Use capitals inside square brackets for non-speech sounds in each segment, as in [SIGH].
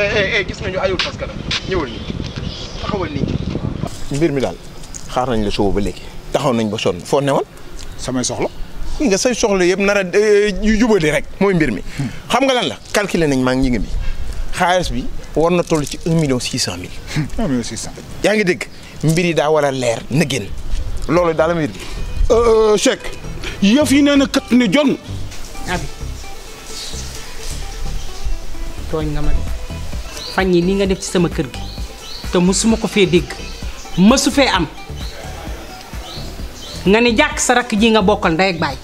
Eh, eh, eh, gis nañu ayul parce que la ñëwal nii taxawal nii. mbir mi daal xaar nañ la suba ba léegi taxaw nañ ba sonn foo newoon samay soxla. nga say soxla yëpp nar a yu jubadi rek mooy mbir mi. Hmm. xam nga lan la calculer nañ maa ngi ngi bi xaalis bi war na toll ci un million six cent mille. Hmm, un million yaa ngi dégg mbir yi daa war a leer na génn loolu daal mbir bi. Euh, euh, Cheikh yëf yi nee na kat ni jon. abi fan ni nga def ci sama kër gi te musuma ko fee dégg mësu fee am nga ni jak sa rak ji nga bokal nday ak bay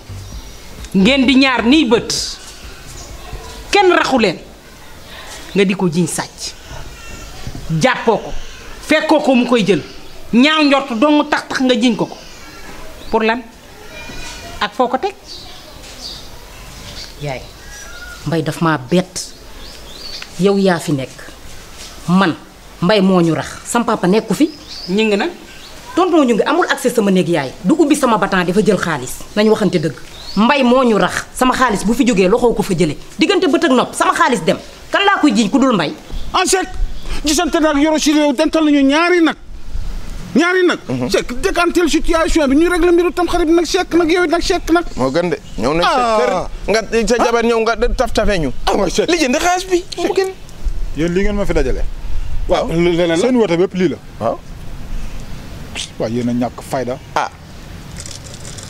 ngeen di ñaar ni bët kenn raxu len nga di ko jiñ sacc jappo ko fekkoo ko mu koy jël ñaaw ñort dong tax tax nga jiñ ko ko pour lan ak foko tek yaay mbay daf ma bet yow ya fi nek man mbay moo ñu rax sam papa nekku fi ñing ngi nag tonton ñu ngi amul accès sama néeg yaay du ubbi sama batant difa jël xaalis nañ waxante deug mbay moo ñu rax sama xaalis bu fi joggé loxo ko fa jëlé digënté bëtt ak nopp sama xaalis dem kan la koy jiñ ku dul mbay ah, en sec gisante nak yoro ci rew dental ñu ñaari nak ñaari nak mhm. sek décantel situation bi ñu régler mbiru tam xarit nak sek nak yoy nak sek nak mo gën dé ñew na ci kër ah. nga sa jabar ñew nga taf tafé ñu ah, li jënd bi mo gën yeen li ngeen ma fi dajalé waaw leneen seen woote bépp lii la. waaw. waaw ñàkk fayda. ah.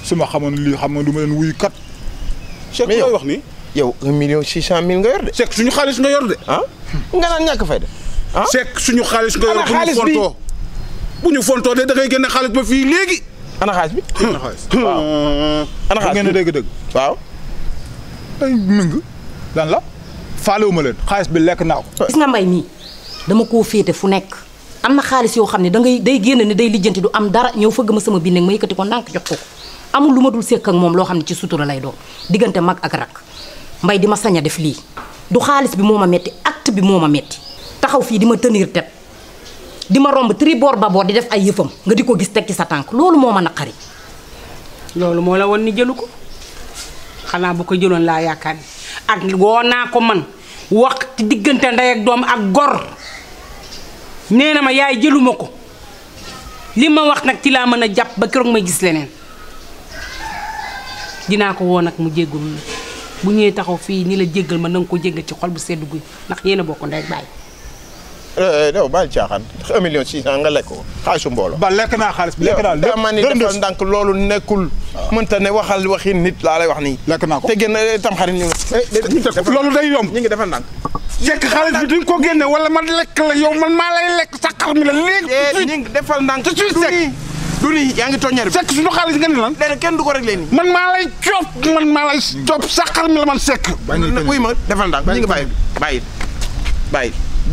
su xamoon lii xam nga du ma leen wuyu kat. Cheikh looy yow un million six cent nga yor suñu xaalis nga yor de. ah nga naan ñàkk fayda. ah suñu xaalis nga yor bu ñu fontoo. ñu fontoo de da ngay génne xaalis ba fii léegi. ana bi. [LAUGHS] ana xaalis waaw. ana xaalis bi ngeen dégg dégg. waaw. ay mingi. lan la faalewu leen xaalis bi lekk naa ko. dama koo féete fu nekk am na xaalis yoo xam ne dangay day génn ne day lijjanti du am dara ñëw fëgg ma sama biir ma yëkkati ko ndànk jox ko amul lu ma dul sekk ak moom loo xam ne ci sutura lay doon diggante mag ak rak mbay di ma sañ a def lii du xaalis bi moo ma metti acte bi moo ma metti taxaw fii di ma tenir tête di ma romb tribord babord di def ay yëfam nga di ko gis teg ci sa tànk loolu moo ma naqari loolu moo la woon ni jëlu ko xanaa bu ko jëloon laa yaakaar ni ak woo naa ko man wax diggante ndey ak doom ak gor nee na ma yaay jëluma ko li ma wax nag ci laa mën a jàpp ba keroog may gis leneen dinaa ko woon nag mu jéggul la bu ñëwee taxaw fii ni la jéggal ma na nga ko jéggal ci xol bu sedd guy ndax yéen a bokk ndey ak bàyyi. non bàyyi caaxaan un million six cent nga lekk ko xaalisu mbooloo. ba lekk naa xaalis bi lekk naa lépp man ni defal ne waxal waxi nit laa lay wax nii. lekk naa ko te gën tam xarit ñu Eh, loolu day yomb ñu ngi defal ndànk jekk xaalis bi duñ ko génne wala man lekk la yow man maa lay lekk sa xar mi la léegi eh, ñu ngi defal ndànk te suy sekk suñu xaalis nga ni lan nee na kenn du ko réglé nii man maa lay coob man maa lay coob sa xar mi la man sekk uy ma defal ndànk ñu ngi bàyyi bàyyi bàyyi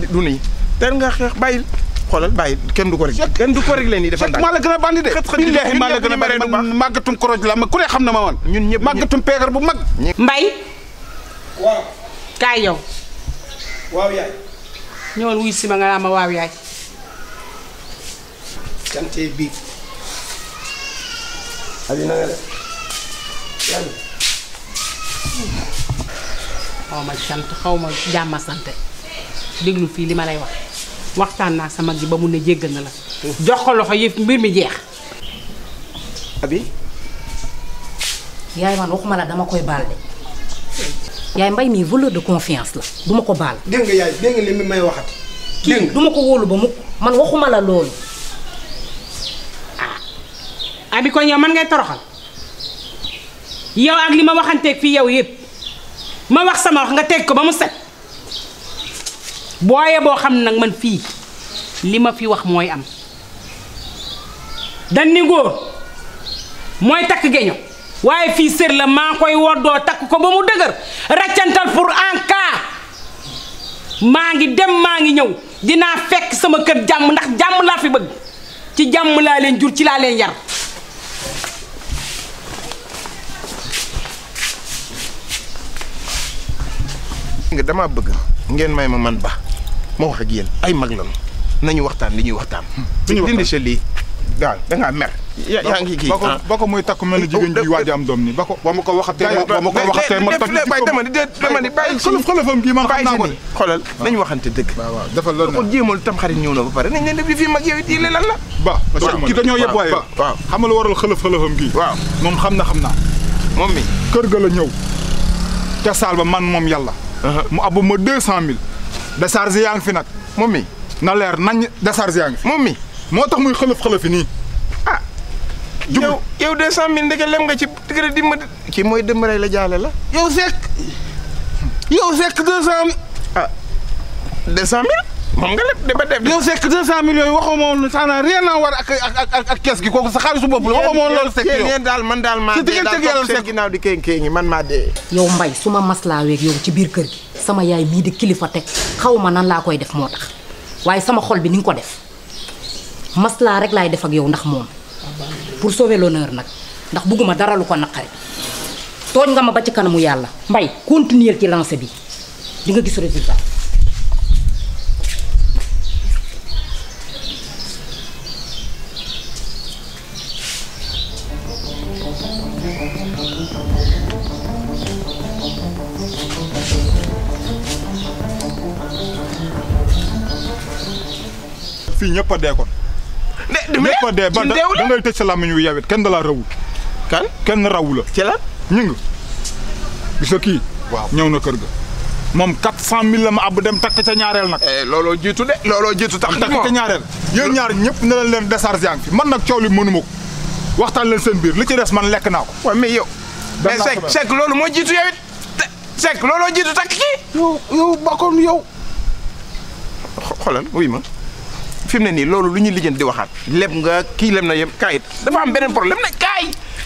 du nii teel nga xeex bàyyi xoolal bàyyi kenn du ko réglé kenn du ko réglé nii maa la gën a bandi de billaahi maa la gën ma ku ne xam na ma woon ñun ñëpp màggatum peegar bu mag mbay waaw. kaay yow. waaw yaay. ñëwal wuy si ma nga naa ma waaw yaay. cante xaw ma sant xaw ma jàmm sant déglu fii li ma lay wax waxtaan naa sama ji ba mu ne jéggal na la. jox ko loxo yëf mbir mi jeex. abi yaay man ma la dama koy baal de. yaay mbay mi valeur de confiance la duma ko bal dégg nga yaay dégg nga li mi may waxat kii duma ko wolu ba muk man waxuma la lol ah abi ko ñoo man ngay toroxal yow ak li ma waxanteeg fii yow yeb ma wax sama wax nga tek ko ba mu set boye bo xam nak man fi li ma fi wax moy am dan ni go moy tak geño waaye fii sër la maa koy woddoo takk ko ba mu dëgër raccantal pour en cas maa ngi dem maa ngi ñëw dinaa fekk sama kër jàmm ndax jàmm laa fi bëgg ci jàmm laa leen jur ci laa leen yar nga damaa bëgg ngeen may ma man ba ma wax a yéen ay mag lañu nañu waxtaan li ñuy waxtaan dindi sa lii daal da nga mer. yaa ngi kii ah ba takku mel ni jigéen ñi am doom ni ba ko ba ma ko waxatee. tam xarit ñëw na ba pare nañ leen def fii mag yow it lan la. ba parce que ki dañoo yëpp waaye. waaw waral xolof xolofam gii. waaw moom xam na xam mi kër ga la ñëw. ca saal ba man moom yàlla. mu abbu ma deux cent mille. décharge fi nag. moom mi na leer nañ décharge yaa ngi fi mi moo tax muy xëlëf xëlëfi nii ah. jublu yow yow deux cent mille ndeke lem nga ci diggante dimba kii mooy dimbalee la jaale la. yow fekk yow fekk deux cent. ah deux cent mille. moom nga lépp dafa def. yow sekk 200 millions yi waxoo ma woon ak ak ak ak kees gi kooku sa xaalisu bopp la waxoo yow yéen daal man daal maa dee daal toog seen ginnaaw di kéen kéen yi man maa dee. yow Mbaye su ma maslaaweeg yow ci biir kër gi sama yaay mii di kilifa teg xaw ma nan laa koy def moo tax waaye sama xol bi ni nga ko def maslaa rek laay def ak yow ndax moom pour sauver l'honneur nag ndax bugguma dara lu ko naqari tooñ nga ma ba ci kanamu yàlla mbay continuer ci lancé bi di nga gis résultat fii ñëpp dee kon mais ko dee ba da tëj sa làmmiñ wi yow kenn da laa rawul. kan kenn raw la. ci la ñu ngi kii. waaw ñëw na kër ga. moom 400000 la ma ab dem takk ca ñaareel nag. Eh, looloo jiitu de. looloo jiitu tax takk ca ñaareel. yéen ñaar ñëpp na leen leen décharge yaa ngi fi man nag coow li mënu ko waxtaan leen seen biir li ci des man lekk naa ko. waaw mais yow. mais eh, Seck loolu moo jiitu yow it. Seck looloo jiitu takk kii. yow yow bakkoon yow. xoolal wuy ma. fi mu ne nii loolu lu ñuy lijjanti di waxaat leb nga kii leb na yem kaay it dafa am beneen problème nag kaay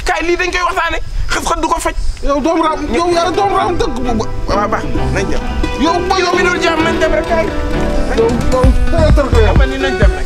kaay lii dañ koy waxtaane xët-xët du ko faj. yow doomu raam yow yaa doomu raam dëgg bu waaw baax nañ dem. yow yow mi doon jaam nañ dem rek kaay. yow yow teel a tër ko yow. xam ni nañ dem rek.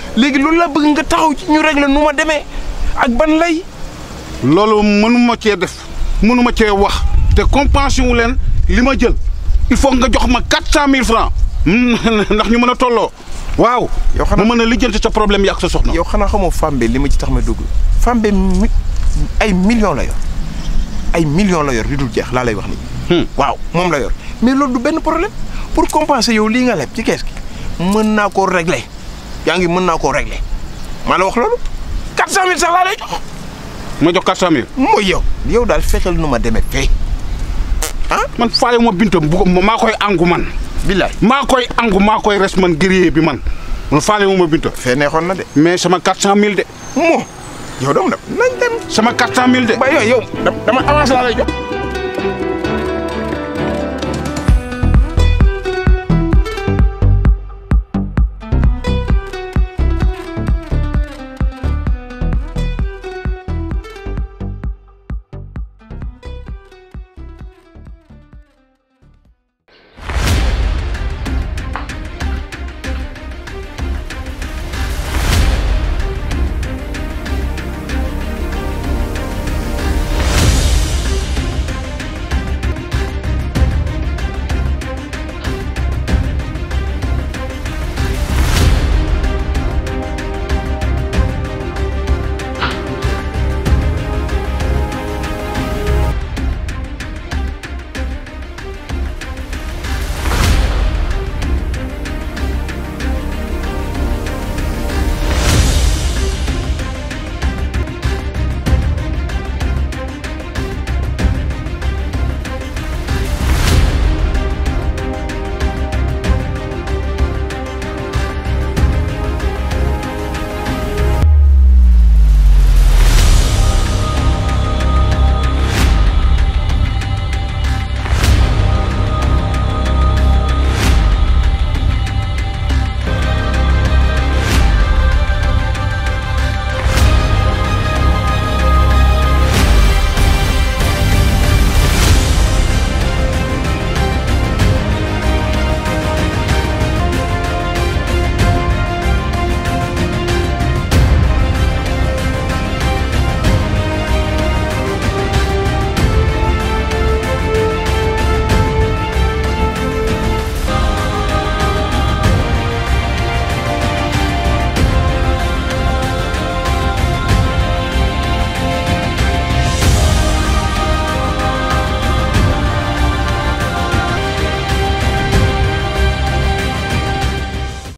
légui loolu la bëgg nga taxaw ci ñu régler nu ma démé ak ban lay. loolu mënuma cee def mënuma cee wax te compensation wu leen li ma jël il faut nga jox ma quatre cent francs ndax ñu mën a tolloo. waaw yow xana mu mën a lijjanti sa problème yi ak sa soxna. yow xanaa xamoo Fambe li ma ci tax ma dugg Fambe ay millions la yor ay millions la yor li dul jeex laa lay wax ni waaw moom la yor mais loolu du benn problème pour compenser yow lii nga leb ci kees gi mën naa régler. yaa ngi mën naa koo régler maa la wax loolu 400000 sax laa lay jox. ma jox 400000. mooy yow yow daal fexeel nu ma demee fee ah. man faale ma bintam bu ko maa koy angu man. billaay maa koy angu maa koy res man guerrier bi man man faale ma ma binta. fee neexoon na de. mais sama 400000 de. moo yow dama dem nañ dem. sama 400000 de. ba yow yow dama avance laa